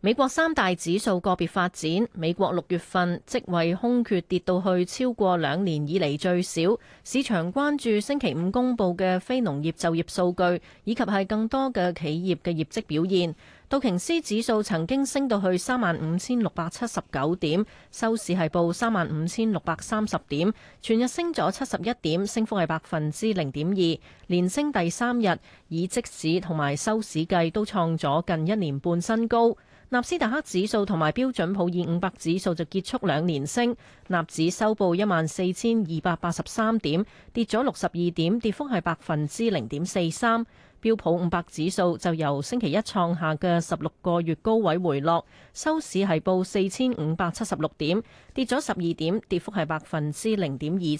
美國三大指數個別發展，美國六月份職位空缺跌到去超過兩年以嚟最少。市場關注星期五公布嘅非農業就業數據，以及係更多嘅企業嘅業績表現。道瓊斯指數曾經升到去三萬五千六百七十九點，收市係報三萬五千六百三十點，全日升咗七十一點，升幅係百分之零點二，連升第三日，以即市同埋收市計都創咗近一年半新高。納斯達克指數同埋標準普爾五百指數就結束兩年升，納指收報一萬四千二百八十三點，跌咗六十二點，跌幅係百分之零點四三。標普五百指數就由星期一創下嘅十六個月高位回落，收市係報四千五百七十六點，跌咗十二點，跌幅係百分之零點二七。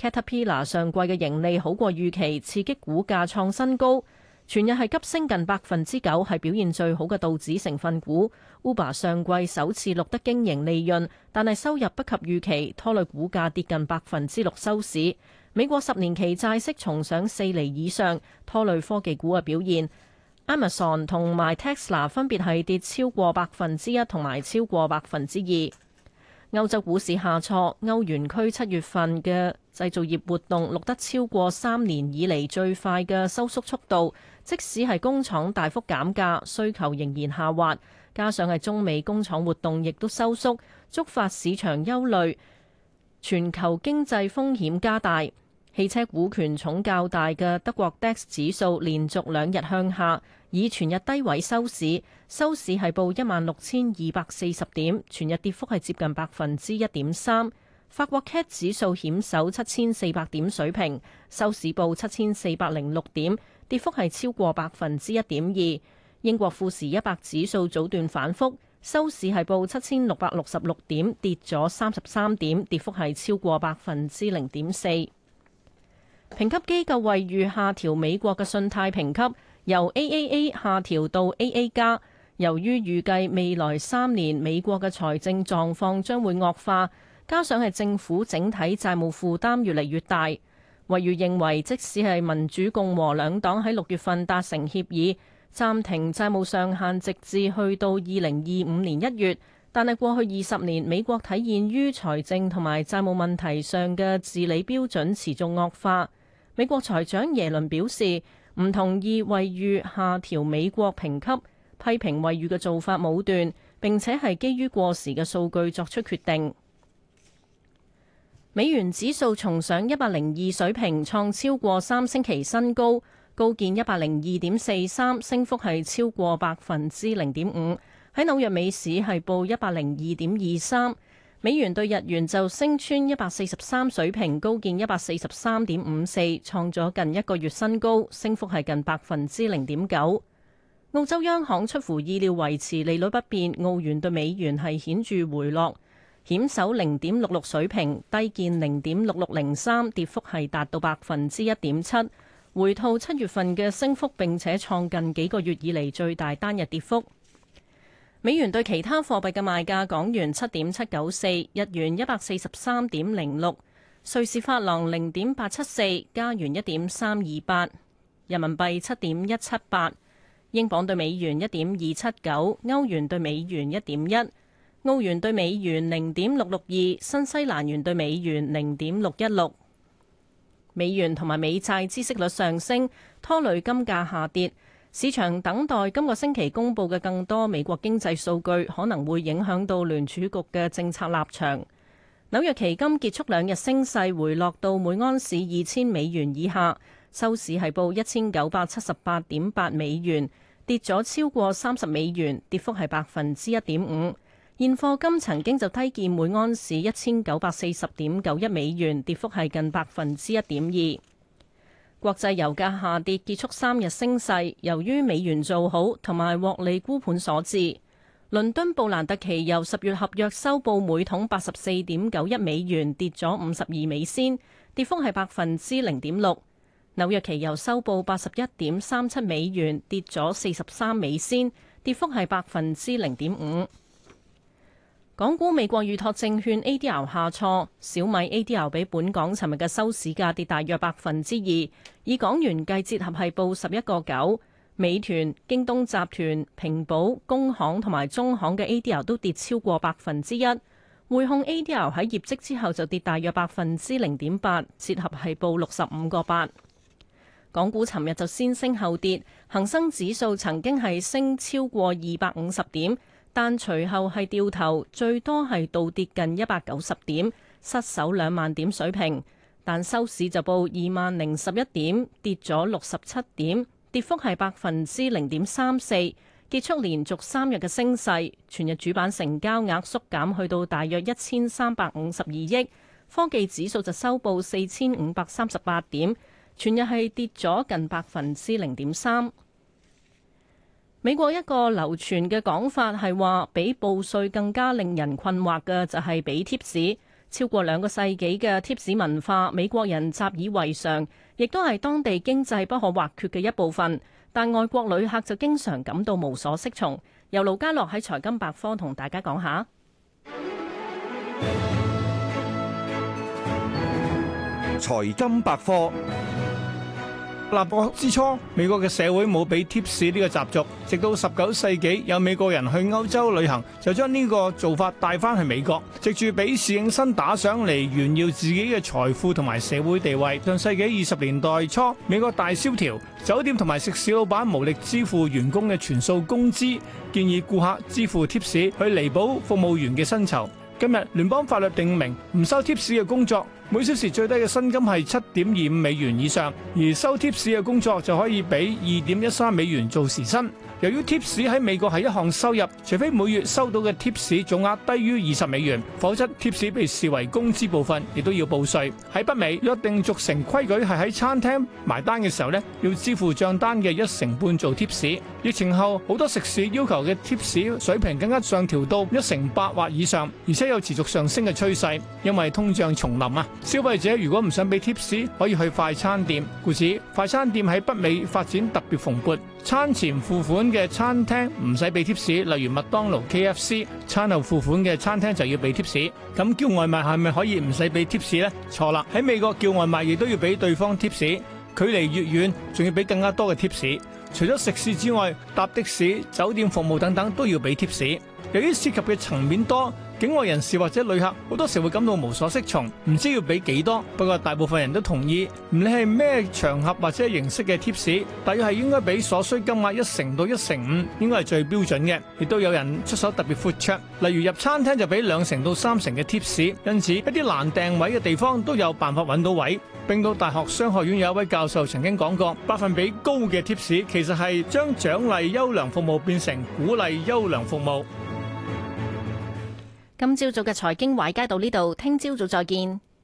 Caterpillar 上季嘅盈利好過預期，刺激股價創新高。全日係急升近百分之九，係表現最好嘅道指成分股。Uber 上季首次錄得經營利潤，但係收入不及預期，拖累股價跌近百分之六收市。美國十年期債息重上四厘以上，拖累科技股嘅表現。Amazon 同埋 Tesla 分別係跌超過百分之一同埋超過百分之二。歐洲股市下挫，歐元區七月份嘅製造業活動錄得超過三年以嚟最快嘅收縮速度。即使係工廠大幅減價，需求仍然下滑，加上係中美工廠活動亦都收縮，觸發市場憂慮，全球經濟風險加大。汽車股權重較大嘅德國 DAX 指數連續兩日向下。以全日低位收市，收市係報一萬六千二百四十點，全日跌幅係接近百分之一點三。法國 cat 指數險守七千四百點水平，收市報七千四百零六點，跌幅係超過百分之一點二。英國富時一百指數早段反覆，收市係報七千六百六十六點，跌咗三十三點，跌幅係超過百分之零點四。評級機構惠譽下調美國嘅信貸評級。由 AAA 下調到 AA 加，由於預計未來三年美國嘅財政狀況將會惡化，加上係政府整體債務負擔越嚟越大，惠譽認為即使係民主共和兩黨喺六月份達成協議，暫停債務上限直至去到二零二五年一月，但係過去二十年美國體現於財政同埋債務問題上嘅治理標準持續惡化。美國財長耶倫表示，唔同意惠譽下調美國評級，批評惠譽嘅做法武斷，並且係基於過時嘅數據作出決定。美元指數重上一百零二水平，創超過三星期新高，高見一百零二點四三，升幅係超過百分之零點五。喺紐約美市係報一百零二點二三。美元對日元就升穿一百四十三水平，高見一百四十三點五四，創咗近一個月新高，升幅係近百分之零點九。澳洲央行出乎意料維持利率不變，澳元對美元係顯著回落，險守零點六六水平，低見零點六六零三，跌幅係達到百分之一點七，回吐七月份嘅升幅並且創近幾個月以嚟最大單日跌幅。美元對其他貨幣嘅賣價：港元七點七九四，日元一百四十三點零六，瑞士法郎零點八七四，加元一點三二八，人民幣七點一七八，英鎊對美元一點二七九，歐元對美元一點一，澳元對美元零點六六二，新西蘭元對美元零點六一六。美元同埋美債孳息率上升，拖累金價下跌。市場等待今個星期公佈嘅更多美國經濟數據，可能會影響到聯儲局嘅政策立場。紐約期金結束兩日升勢，回落到每安士二千美元以下，收市係報一千九百七十八點八美元，跌咗超過三十美元，跌幅係百分之一點五。現貨金曾經就低見每安士一千九百四十點九一美元，跌幅係近百分之一點二。國際油價下跌結束三日升勢，由於美元做好同埋獲利沽盤所致。倫敦布蘭特期油十月合約收報每桶八十四點九一美元，跌咗五十二美仙，跌幅係百分之零點六。紐約期油收報八十一點三七美元，跌咗四十三美仙，跌幅係百分之零點五。港股美國預託證券 ADR 下挫，小米 ADR 比本港尋日嘅收市價跌大約百分之二，以港元計折合係報十一個九。美團、京東集團、平保、工行同埋中行嘅 ADR 都跌超過百分之一。匯控 ADR 喺業績之後就跌大約百分之零點八，折合係報六十五個八。港股尋日就先升後跌，恒生指數曾經係升超過二百五十點。但隨後係掉頭，最多係倒跌近一百九十點，失守兩萬點水平。但收市就報二萬零十一點，跌咗六十七點，跌幅係百分之零點三四。結束連續三日嘅升勢，全日主板成交額縮減去到大約一千三百五十二億。科技指數就收報四千五百三十八點，全日係跌咗近百分之零點三。美國一個流傳嘅講法係話，比報稅更加令人困惑嘅就係俾貼士超過兩個世紀嘅貼士文化，美國人習以為常，亦都係當地經濟不可或缺嘅一部分。但外國旅客就經常感到無所適從。由盧家樂喺財金百科同大家講下。財金百科。立國之初，美國嘅社會冇俾 tips 呢個習俗。直到十九世紀，有美國人去歐洲旅行，就將呢個做法帶翻去美國，藉住俾侍應生打上嚟炫耀自己嘅財富同埋社會地位。上世紀二十年代初，美國大蕭條，酒店同埋食肆老闆無力支付員工嘅全數工資，建議顧客支付 tips 去彌補服務員嘅薪酬。今日聯邦法律定明，唔收貼士嘅工作每小時最低嘅薪金係七點二五美元以上，而收貼士嘅工作就可以畀二點一三美元做時薪。由於 tips 喺美國係一項收入，除非每月收到嘅 tips 總額低於二十美元，否則 tips 被視為工資部分，亦都要報稅。喺北美，約定俗成規矩係喺餐廳埋單嘅時候呢要支付帳單嘅一成半做 tips。疫情後，好多食肆要求嘅 tips 水平更加上調到一成八或以上，而且有持續上升嘅趨勢，因為通脹重臨啊！消費者如果唔想俾 tips，可以去快餐店。故此，快餐店喺北美發展特別蓬勃。餐前付款嘅餐廳唔使俾貼士，例如麥當勞、KFC；餐後付款嘅餐廳就要俾貼士。咁叫外賣係咪可以唔使俾貼士呢？錯啦！喺美國叫外賣亦都要俾對方貼士。距離越遠，仲要俾更加多嘅貼士。除咗食肆之外，搭的士、酒店服務等等都要俾貼士。由於涉及嘅層面多，境外人士或者旅客好多時會感到無所適從，唔知要俾幾多。不過大部分人都同意，唔理係咩場合或者形式嘅 tips，大概係應該俾所需金額一成到一成五，應該係最標準嘅。亦都有人出手特別闊綽，例如入餐廳就俾兩成到三成嘅 tips。因此一啲難訂位嘅地方都有辦法揾到位。冰島大學商學院有一位教授曾經講過，百分比高嘅 tips 其實係將獎勵優良服務變成鼓勵優良服務。今朝早嘅財經華爾街到呢度，聽朝早再見。